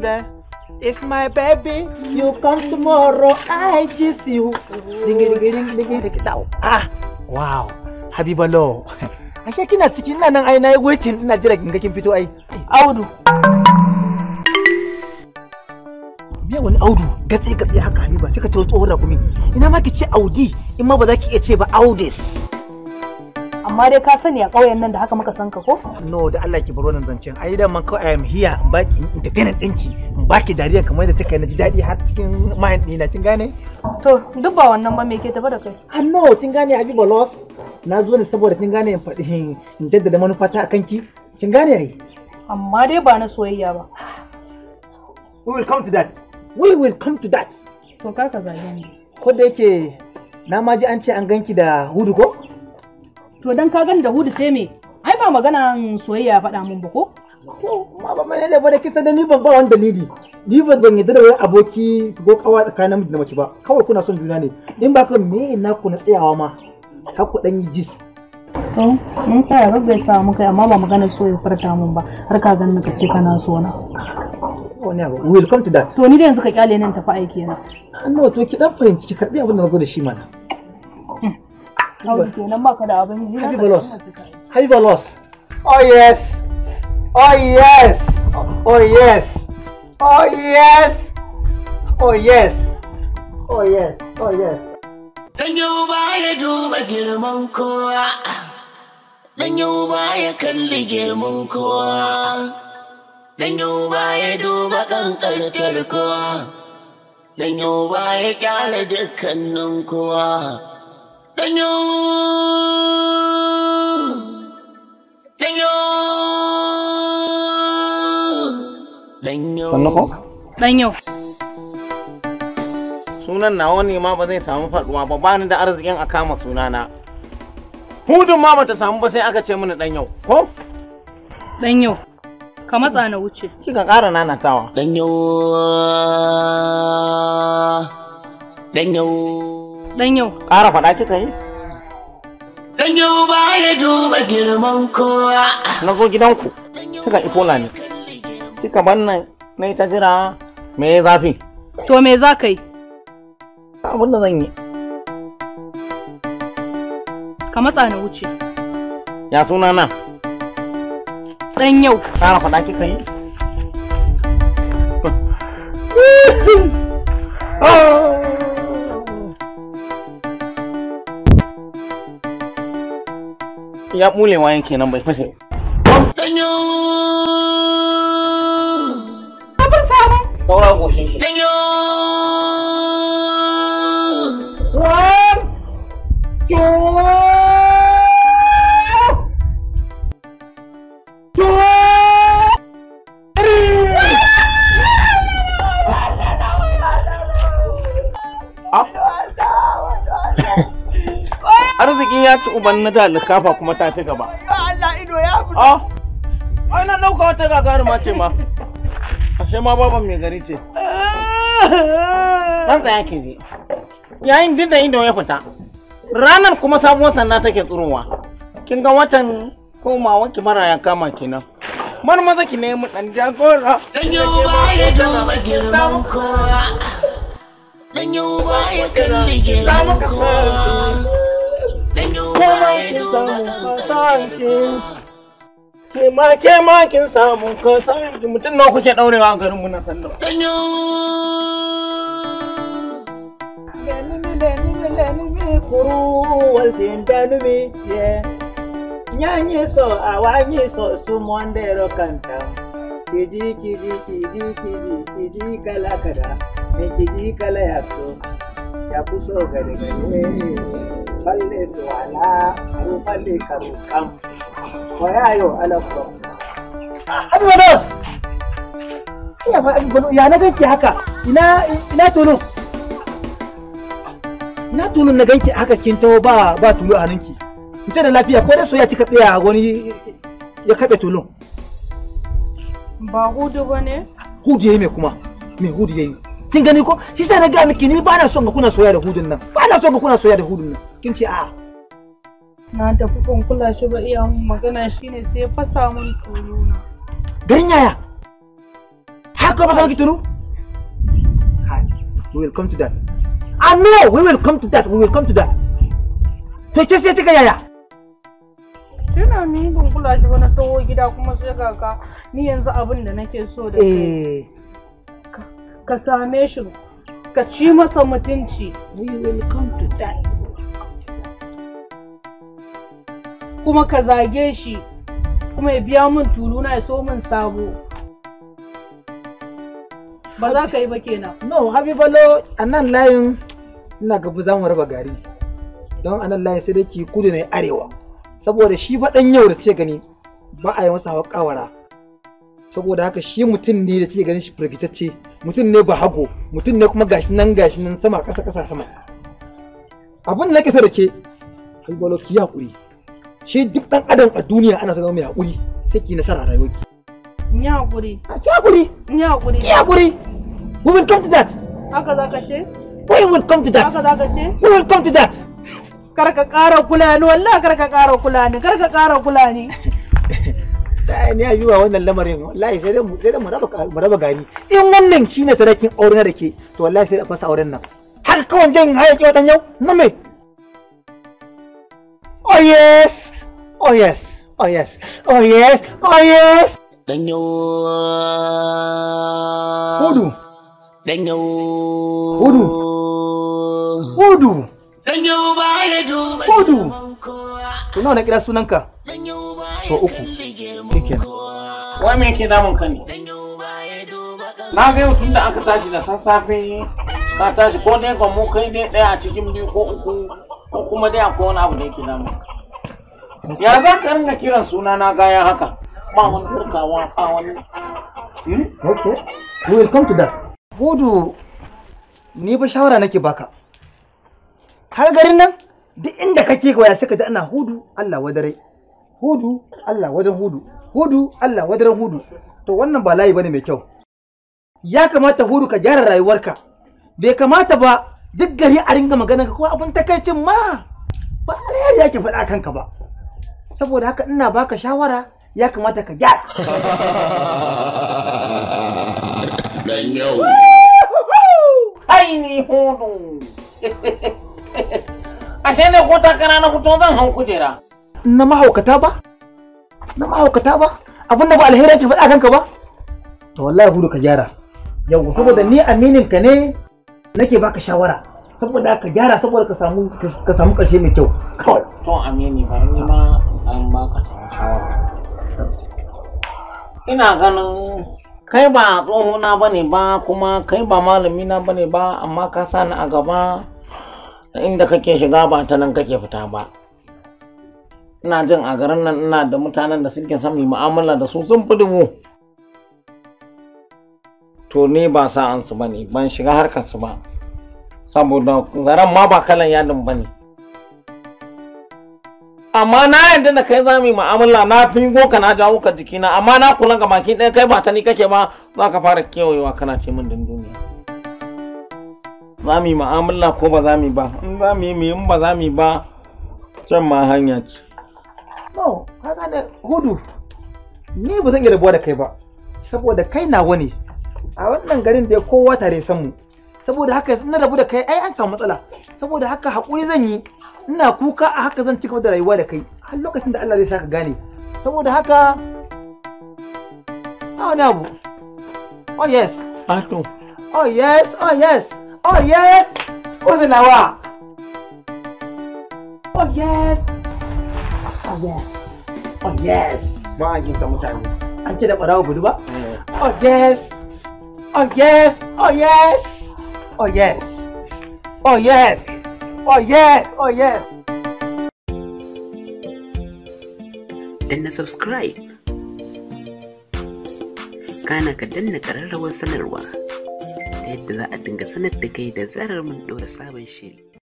there. It's my baby. You come tomorrow. I kiss you. Ding ding ding Take Ah, wow. Habiba kina cikin nan ai nayi waiting Audu. wani Audu? Gatse gatse haka Habiba. Kika ce rakumi. Ina ma ki ce Audi in ma ba ki iya ce ba Audis. amma dai ka sani a ƙauyen nan da haka muka san ka ko no da Allah ki bar wannan zancen ai da man kawai I am here in baki in entertainment dinki in baki dariya kamar da take na ji daɗi har cikin mind na kin gane to duk ba wannan ba me ke tafa da kai ah no kin gane ba loss na zo ne saboda kin gane in faɗi in jaddada manufata akan ki kin gane ai amma dai ba na soyayya ba we will come to that we will come to that to kar ka zage ni ko da yake na ma ji an ce an ganki da hudu ko to dan ka gani da hudu sai me ai ba magana soyayya faɗa mun ba ko ma ba mai ne ba da kisa da ni ban ba wani dalili ni ban dan yadda da aboki ko kawa tsakanin namiji da mace ba kawai kuna son juna ne in ba ka me na ku na tsayawa ma Ka ku dan yi jis to mun sa ya rabbe sa muka amma ba magana soyayya ya mun ba har ka ganin ka ce kana so na Welcome will to that to ni da yanzu ka kyale nan tafi aiki na ah, no to ki dan fahimci ki karbi abin da na zo da shi mana Kawai kenan ba ka da abin yi. Habiba loss. Habiba Oh yes. Oh yes. Oh yes. Oh yes. Oh yes. Oh yes. Oh yes. Danyo ba ya duba girman kowa. Danyo ba ya kalli girman kowa. Danyo ba ya duba kankantar kowa. Danyo ba ya kyale dukkanin kowa. Tenho. Tenho. Danyo. Sannu Sunan nawa ne ma ba zai samu faduwa ba ba ni da arzikin a kama sunana. Hudun ma bata samu ba sai aka ce mini yau, ko? yau. Ka matsa na wuce. Kika ƙara nanatawa. Ɗan yau. Dan yau. Ƙara faɗa kika yi? Dan yau ba ya duba girman kowa. Na zo gidanku, kika ifola ne. Kika bannan na ta jira me zafi. To me za ka yi? Abin da zan yi. Ka matsa na wuce. Ya suna na. Dan yau. Ƙara faɗa kika yi? Oh! ya mule wayan kenan bai fashe danyo kabar sabon saura goshin danyo ya ci uban na da likafa kuma ta ci gaba. Allah ido ya fito. Ah. Ai na dauka wata ma ce ma. Ashe ma baban mai gari ce. Dan tsaya ke ji. Yayin duk da ido ya fita. Ranar kuma sabuwar sanda take tsurowa. Kin ga watan komawa ki mara ya kama kenan. Mar maza ki mu dan jagora. Dan yau ba ya duba girman kowa. Dan yau ba ya kalli girman kowa. kanki ke ma ke samu ka san mutum nawa kuke daurewa a garin mu na sallo danyo danumi danumi danumi kuru waltin danumi ye so so su kanta kiji kiji kiji kiji kiji kala kada kiji kala ya kuso falle su wala an falle karukan ko ya yau alakwa abu balas iya ba abu balas ya na ganki haka ina ina tunu ina tunu na ganki haka kin taho ba ba tulu a hannunki in da lafiya ko da soyayya kika tsaya wani ya kabe tulun ba hudu ba ne hudu yi mai kuma mai hudu ya yi kin gani ko shi sai na ga miki ni ba na son ga kuna soya da hudun nan ba na son ga kuna soya da hudun nan kin ce a'a na tafi kun kula shi ba iya mun magana shine sai ya fasa mun tulu na garin yaya haka ba za ki tunu hi we will come to that i ah, know we will come to that we will come to that to ke sai ta yaya Tuna ni kun kula shi ba na taho gida kuma sai kaka ni yanzu abin da nake so da kai. Eh. Ka same shi ka ci masa mutunci. We will come to that. kuma ka zage shi kuma ya biya min tuluna ya so min sabo ba za ka yi ba kenan no habibalo a nan layin ina gabu za mu raba gari don a nan layin sai dai ki kudu ne arewa saboda shi faɗin yau da take gani ba a yi masa hawa saboda haka shi mutum ne da take ganin shi firgitacce mutum ne ba hago mutum ne kuma gashi nan gashi nan sama ƙasa ƙasa sama abin da nake so da ke habibalo ki yi haƙuri shi duk dan adam a duniya ana zama mai hakuri sai ki nasara a rayuwarki ni hakuri ah, ki hakuri ni hakuri ki hakuri we will come to that haka zaka ce we will come to that haka zaka ce we will come to that kar ka ƙara kula ni wallahi kar ka ƙara kula ni kar ka ƙara kula ni ta ne yi wa wannan lamarin wallahi sai dai mu raba gari in wannan shine sarakin aure na da ke to wallahi sai da fasa auren nan haka kawai jan hayaki dan yau na me Oh yes! Oh yes, oh yes, oh yes, oh yes. Danyo. Hudu. Danyo. Hudu. Hudu. Danyo baya duba. Hudu. Tuna na kira sunanka. So uku. Kike. Wai me yake damun ka ne? Na ga yau tunda aka tashi da sassafe ka tashi ko dai ga mu kai ne daya a cikin biyu ko uku ko kuma dai akwai wani abu da yake damun ka. ya za ka ringa kiran suna na gaya haka ba wani sirkawa ba wani hmm? ok. we will come to that hudu ni ba shawara nake baka har garin nan duk inda kake waya sai ka ji ana hudu Allah wadare hudu Allah wadan hudu hudu Allah wadaran hudu to wannan ba layi bane mai kyau ya kamata hudu ka gyara rayuwarka bai kamata ba duk gari a ringa magana ka ko abin takaicin ma ba alheri yake faɗa kanka ba saboda haka ina baka shawara ya kamata ka gyara dan yau hudu ashe ne ko takara na fito zan hau kujera na mahaukata ba na mahaukata ba abin da ba alheri ke faɗa kanka ba to wallahi hudu ka gyara yau saboda ni aminin ka ne nake baka shawara saboda ka gyara saboda ka samu ka samu karshe mai kyau kawai to amini bari ni ma an baka ta shawara ina ganin kai ba tsohona ba ne ba kuma kai ba malamina ba ne ba amma ka sa ni a gaba inda kake shiga ba ta nan kake fita ba ina jin a garin nan ina da mutanen da suke sami mai mu'amala da su sun fi dubu to ni ba sa'ansu ba ne ban shiga harkarsu ba saboda zaren ma ba kalan yadin ba ne amma na yadda da kai za mu yi mu'amala na fingo ka na jawo ka jiki na amma na kula ga baki ɗaya kai ba ta ni kake ba za ka fara kewayewa kana ce min dunduniya za mu mu'amala ko ba za ba in zami mu yi in ba za ba can ma hanya ce no haka ne hudu ni ba zan iya rabuwa da kai ba saboda kai na wani a wannan garin da kowa tare san mu saboda haka yanzu na rabu da kai ai an samu matsala saboda haka haƙuri zan yi ina kuka a haka zan cigaba da rayuwa da kai har lokacin da Allah zai saka gane saboda haka oh bu oh yes Ato. oh yes oh yes oh yes nawa oh yes oh yes oh yes mutane an ce da ɓarawa gudu ba oh yes oh yes oh yes oh yes oh yes Oh yes, oh yes. Danna subscribe. Kana ka danna ƙararrawar sanarwa ta yadda za a dinga sanar da kai da zarar mun ɗora sabon shiri.